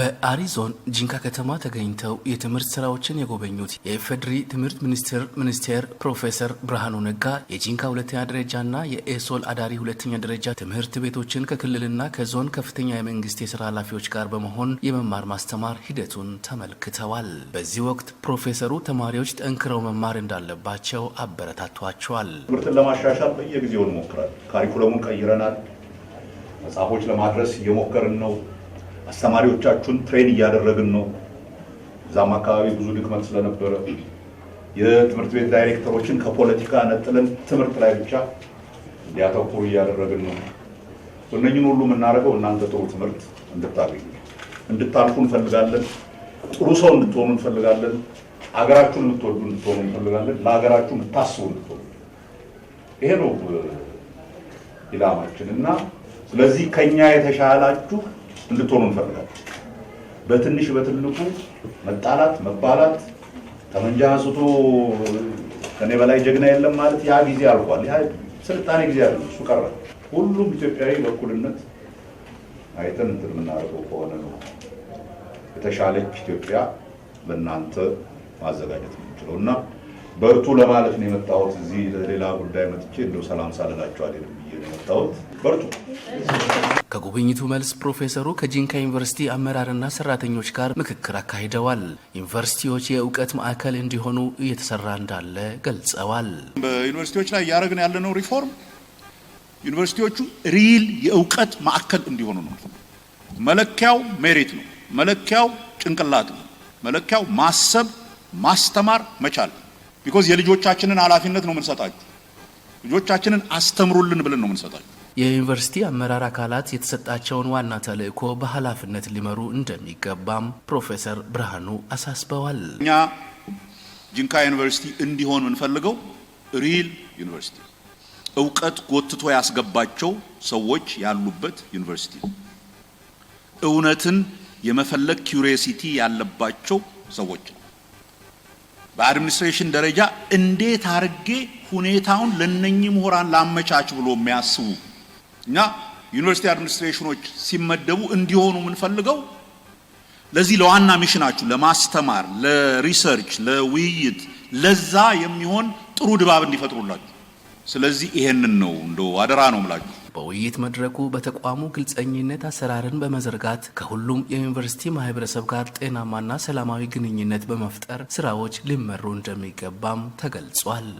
በአሪዞን ጂንካ ከተማ ተገኝተው የትምህርት ስራዎችን የጎበኙት የኢፌዴሪ ትምህርት ሚኒስቴር ሚኒስቴር ፕሮፌሰር ብርሃኑ ነጋ የጂንካ ሁለተኛ ደረጃና የኤሶል አዳሪ ሁለተኛ ደረጃ ትምህርት ቤቶችን ከክልልና ከዞን ከፍተኛ የመንግስት የስራ ኃላፊዎች ጋር በመሆን የመማር ማስተማር ሂደቱን ተመልክተዋል። በዚህ ወቅት ፕሮፌሰሩ ተማሪዎች ጠንክረው መማር እንዳለባቸው አበረታቷቸዋል። ትምህርትን ለማሻሻል በየጊዜው እንሞክራል። ካሪኩለሙን ቀይረናል። መጽሐፎች ለማድረስ እየሞከርን ነው አስተማሪዎቻችሁን ትሬን እያደረግን ነው። እዛም አካባቢ ብዙ ድክመት ስለነበረ የትምህርት ቤት ዳይሬክተሮችን ከፖለቲካ ነጥለን ትምህርት ላይ ብቻ እንዲያተኩሩ እያደረግን ነው። እነኝን ሁሉ የምናደርገው እናንተ ጥሩ ትምህርት እንድታገኙ እንድታልፉ እንፈልጋለን። ጥሩ ሰው እንድትሆኑ እንፈልጋለን። አገራችሁን የምትወዱ እንድትሆኑ እንፈልጋለን። ለሀገራችሁ የምታስቡ እንድትሆኑ ይሄ ነው ኢላማችን እና ስለዚህ ከኛ የተሻላችሁ እንድትሆኑ እንፈልጋለን። በትንሽ በትልቁ መጣላት፣ መባላት፣ ጠመንጃ አንስቶ ከኔ በላይ ጀግና የለም ማለት ያ ጊዜ አልፏል። ያ ስልጣኔ ጊዜ አለ፣ እሱ ቀረ። ሁሉም ኢትዮጵያዊ በእኩልነት አይተን እንትን የምናደርገው ከሆነ ነው የተሻለች ኢትዮጵያ በእናንተ ማዘጋጀት የምንችለው እና በርቱ ለማለት ነው የመጣሁት። እዚህ ለሌላ ጉዳይ መጥቼ እንደው ሰላም ሳልላችሁ አይደለም ብዬ ነው የመጣሁት። በርቱ። ከጉብኝቱ መልስ ፕሮፌሰሩ ከጂንካ ዩኒቨርሲቲ አመራርና ሰራተኞች ጋር ምክክር አካሂደዋል። ዩኒቨርሲቲዎች የእውቀት ማዕከል እንዲሆኑ እየተሰራ እንዳለ ገልጸዋል። በዩኒቨርሲቲዎች ላይ እያደረግን ያለነው ሪፎርም ዩኒቨርሲቲዎቹ ሪል የእውቀት ማዕከል እንዲሆኑ ነው። መለኪያው ሜሪት ነው። መለኪያው ጭንቅላት ነው። መለኪያው ማሰብ ማስተማር መቻል ቢኮዝ የልጆቻችንን ኃላፊነት ነው የምንሰጣችሁ። ልጆቻችንን አስተምሩልን ብለን ነው የምንሰጣችሁ። የዩኒቨርሲቲ አመራር አካላት የተሰጣቸውን ዋና ተልዕኮ በኃላፊነት ሊመሩ እንደሚገባም ፕሮፌሰር ብርሃኑ አሳስበዋል። እኛ ጂንካ ዩኒቨርሲቲ እንዲሆን የምንፈልገው ሪል ዩኒቨርሲቲ እውቀት ጎትቶ ያስገባቸው ሰዎች ያሉበት ዩኒቨርሲቲ ነው። እውነትን የመፈለግ ኪዩሪሲቲ ያለባቸው ሰዎች ነው። በአድሚኒስትሬሽን ደረጃ እንዴት አድርጌ ሁኔታውን ለነኚህ ምሁራን ላመቻች ብሎ የሚያስቡ እኛ ዩኒቨርሲቲ አድሚኒስትሬሽኖች ሲመደቡ እንዲሆኑ የምንፈልገው ለዚህ ለዋና ሚሽናችሁ ለማስተማር፣ ለሪሰርች፣ ለውይይት ለዛ የሚሆን ጥሩ ድባብ እንዲፈጥሩላችሁ። ስለዚህ ይሄንን ነው እንደ አደራ ነው ምላችሁ። በውይይት መድረኩ በተቋሙ ግልጸኝነት አሰራርን በመዘርጋት ከሁሉም የዩኒቨርሲቲ ማህበረሰብ ጋር ጤናማና ሰላማዊ ግንኙነት በመፍጠር ስራዎች ሊመሩ እንደሚገባም ተገልጿል።